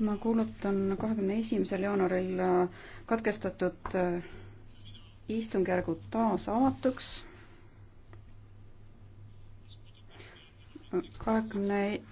ma kuulutan kahekümne esimesel jaanuaril äh, katkestatud äh, istungjärgu taas avatuks. kahekümne 20...